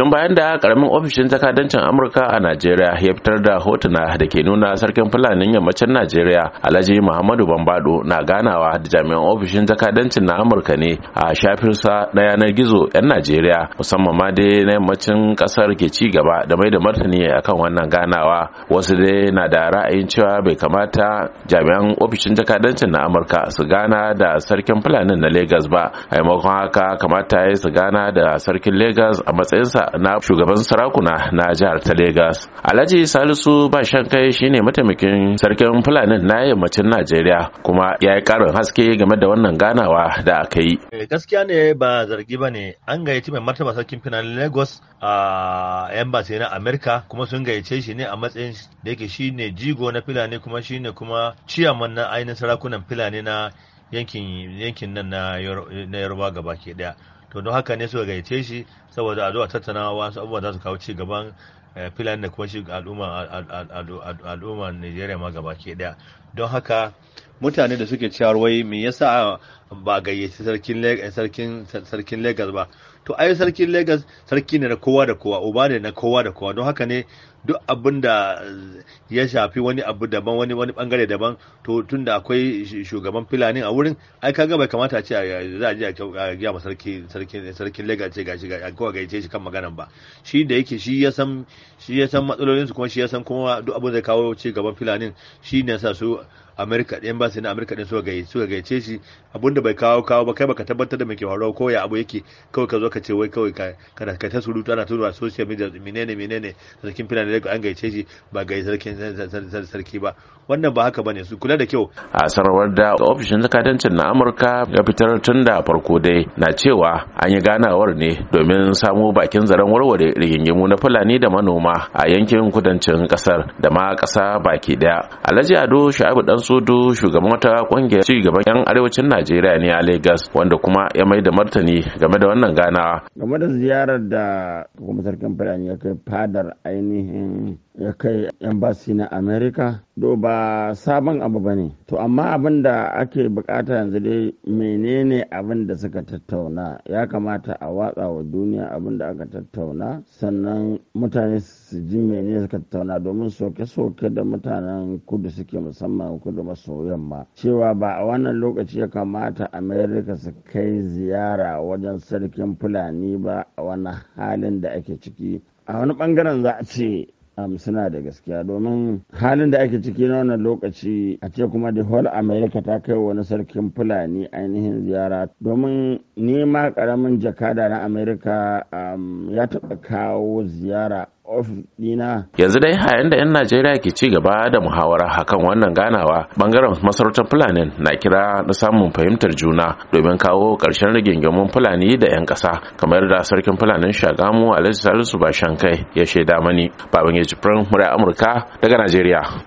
tun bayan da karamin ofishin jakadancin amurka a najeriya ya fitar da hotuna da ke nuna sarkin fulanin yammacin najeriya alhaji muhammadu bambado na ganawa da jami'an ofishin jakadancin na amurka ne a shafinsa na yanar gizo 'yan najeriya musamman ma dai na yammacin kasar ke ci gaba da mai da martani akan wannan ganawa wasu dai na da ra'ayin cewa bai kamata jami'an ofishin jakadancin na amurka su gana da sarkin fulani na Legas ba a maimakon haka kamata ya su gana da sarkin Legas a matsayinsa na shugaban sarakuna na jihar ta Legas. Alhaji Salisu ba kai shine mataimakin sarkin Fulani na yammacin Najeriya kuma ya yi karin haske game da wannan ganawa da aka yi. Eh, gaskiya ne ba zargi ba ne an gayyaci mai martaba sarkin Fulani Lagos a embassy na Amerika kuma sun gayyace shi ne a matsayin da yake shine jigo na Fulani kuma shine kuma ciyaman na ainihin sarakunan Fulani na yankin nan na Yoruba gaba ke daya. to don haka ne suka gayyace shi saboda a zuwa tattaunawa wasu abubuwa za su kawo ci gaban eh, filan da kuma shi al'umma nigeria ma gaba ke daya don haka mutane da suke ciyar wai me yasa ba gayyaci sarkin lagos ba to ai sarkin lagos sarki ne na kowa da kowa uba ne na kowa da kowa don haka ne duk abin da eh, ya shafi wani abu daban wani wani bangare daban to tun da akwai shugaban filanin a wurin ai kaga bai kamata a ce za a je a gaya a sarki sarkin sarkin lagos ce gashi ga kowa gaice shi kan maganan ba shi da yake shi ya san shi ya san matsalolin su kuma shi ya san kuma duk abin da kawo ci gaban filanin shi ne sa su Amerika ɗin ba su na Amerika ɗin suka gaice shi abinda da bai kawo kawo ba kai baka tabbatar da mai ke faruwa ko ya abu yake kawai ka zo ka ce wai kawai ka kana ka ta surutu ana tunawa social media menene menene sarkin fulani da an gaice shi ba gai sarkin sarki ba wannan ba haka bane su kula da kyau a sanarwar da ofishin zakatancin na Amurka ga fitar tun da farko dai na cewa an yi ganawar ne domin samu bakin zaren warware rigingimu na fulani da manoma a yankin kudancin kasar da ma kasa baki daya alhaji ado sha'abu dan sodo shugaban wata kungiyar ci gaban yan arewacin najeriya ne a lagos wanda kuma ya mai da martani game da wannan gana game da ziyarar da kuma sarkin fulani ya kai fadar ainihin ya kai embassy na america do ba sabon abu ba ne to amma abin da ake bukata yanzu dai menene abin da suka tattauna ya kamata a watsa wa duniya abin da aka tattauna sannan mutane su ji menene suka tattauna domin soke-soke da mutanen kudu suke musamman kudu maso yamma cewa ba a wannan lokaci ya kamata america su kai ziyara wajen sarkin fulani ba a wani halin da ake ciki a wani bangaren za a ce suna da gaskiya domin halin da ake ciki na wannan lokaci a ce kuma da hall america ta kai wani sarkin fulani ainihin ziyara domin nema karamin jakada na america ya taɓa kawo ziyara Yanzu dai hayan da 'yan Najeriya ke ci gaba da muhawara hakan wannan ganawa bangaren masarautar Fulani na kira na samun fahimtar juna domin kawo ƙarshen rigingimun Fulani da 'yan ƙasa kamar da sarkin fulani Shagamu Alhaji Salisu Bashankai ya shaida mani Babangeji Firin Murai Amurka daga Najeriya.